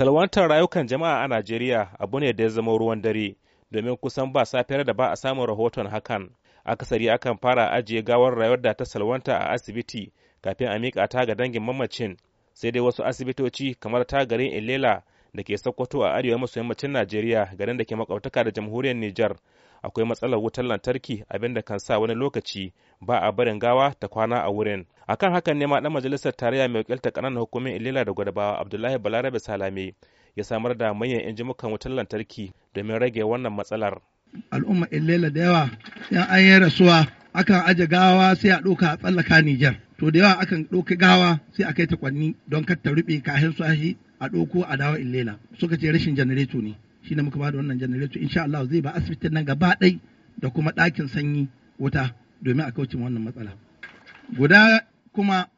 salwantar rayukan jama'a a najeriya abu ne da ya zama ruwan dare domin kusan ba safiyar da ba a samun rahoton hakan akasari akan fara ajiye gawar rayuwar da ta salwanta a asibiti kafin a miƙa ta ga dangin mamacin sai dai wasu asibitoci kamar ta garin ilela da ke Sokoto a arewa maso yammacin Najeriya garin da ke makwabtaka da jamhuriyar Nijar akwai matsalar wutar lantarki abinda kan sa wani lokaci ba a barin gawa ta kwana a wurin. Akan hakan ne ma dan majalisar tarayya mai wakiltar kananan hukumin Ilila da Gwadabawa Abdullahi Balarabe Salame ya samar da manyan injimukan wutar lantarki domin rage wannan matsalar. Al'umma Ilila da yawa yan an yi rasuwa akan aje gawa sai a ɗauka a tsallaka Nijar. to da yawa akan ɗauki gawa sai a kai ta kwanni don kar ta ruɓe kahin sashi a ɗauko a dawo in lela suka ce rashin janareto ne shi ne muka ba da wannan janareto insha Allah zai ba asibitin nan gaba ɗai da kuma ɗakin sanyi wuta domin a kauce wannan matsala guda kuma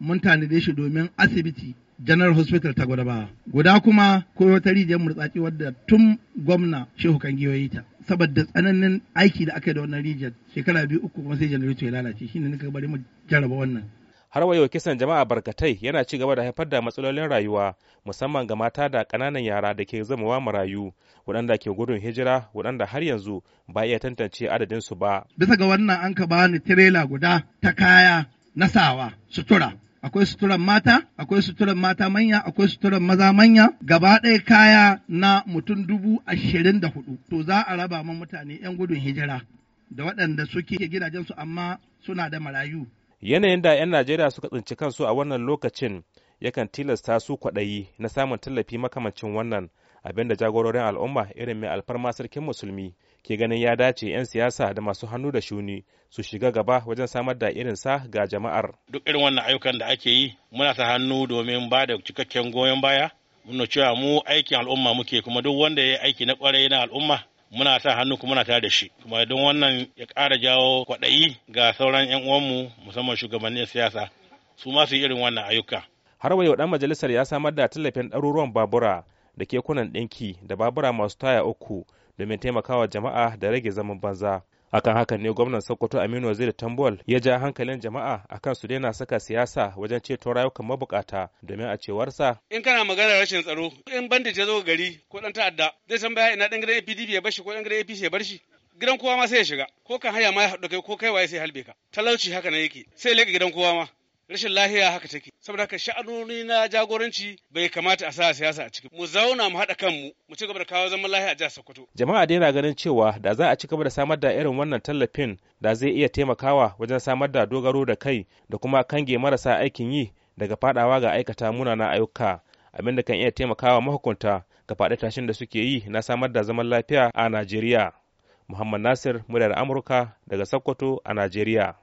mun tanade shi domin asibiti General Hospital ta Gwadabawa. Guda kuma koyo ta rijiyar murtsaki wadda tun gwamna Shehu giyoyi ta. saboda tsananin aiki da aka yi da wannan rijiyar shekara biyu uku kuma sai janareto ya lalace shine nika bari mu jarabawar wannan har wayo kisan jama'a barkatai yana ci gaba da haifar da matsalolin rayuwa musamman ga mata da ƙananan yara da ke zamawa marayu waɗanda ke gudun hijira waɗanda har yanzu ba iya tantance adadin su ba bisa ga wannan an ka bani tirela guda ta kaya na sawa sutura akwai suturan mata, akwai suturan mata manya, akwai suturan maza manya, gaba ɗaya kaya na mutum dubu ashirin da hudu. To za a raba ma mutane 'yan gudun hijira da waɗanda suke gidajensu amma suna da marayu. Yanayin da 'yan Najeriya suka tsinci kansu a wannan lokacin yakan tilasta su kwaɗayi na samun tallafi makamancin wannan abin da jagororin al'umma irin mai alfarma sarkin musulmi ke ganin ya dace 'yan siyasa da masu hannu da shuni su shiga gaba wajen samar da irin sa ga jama'ar. Duk irin wannan ayyukan da ake yi muna sa hannu domin ba da cikakken goyon baya. Muna cewa mu aikin al'umma muke kuma duk wanda ya yi aiki na kwarai na al'umma muna sa hannu kuma muna tare da shi kuma don wannan ya ƙara jawo kwaɗayi ga sauran 'yan uwanmu musamman shugabannin siyasa su ma su yi irin wannan ayyuka har wa yau dan majalisar ya samar da tallafin ɗaruruwan babura da kekunan ɗinki da babura masu taya uku domin taimakawa jama'a da rage zaman banza akan haka ne gwamnan sokoto aminu waziri tambol ya ja hankalin jama'a akan su daina saka siyasa wajen ceto rayukan mabukata domin a cewarsa in kana magana rashin tsaro in bandit ya zo gari ko dan ta'adda zai san baya ina dan gidan APDP ya bashi ko dan gidan APC ya barshi gidan kowa ma sai ya shiga ko kan haya ma ya haɗu kai ko kai waye sai halbe ka talauci haka ne yake sai leka gidan kowa ma rashin lahiya haka take saboda haka sha'anoni na jagoranci bai kamata a sa siyasa a ciki mu zauna mu haɗa kanmu mu ci gaba da kawo zaman lahiya a jihar Sokoto jama'a dai na ganin cewa da za a ci gaba da samar da irin wannan tallafin da zai iya taimakawa wajen samar da dogaro da kai da kuma kange marasa aikin yi daga fadawa ga aikata munana ayyuka abin da kan iya taimakawa mahukunta ga faɗi tashin da suke yi na samar da zaman lafiya a Najeriya Muhammad Nasir muryar Amurka daga Sokoto a Najeriya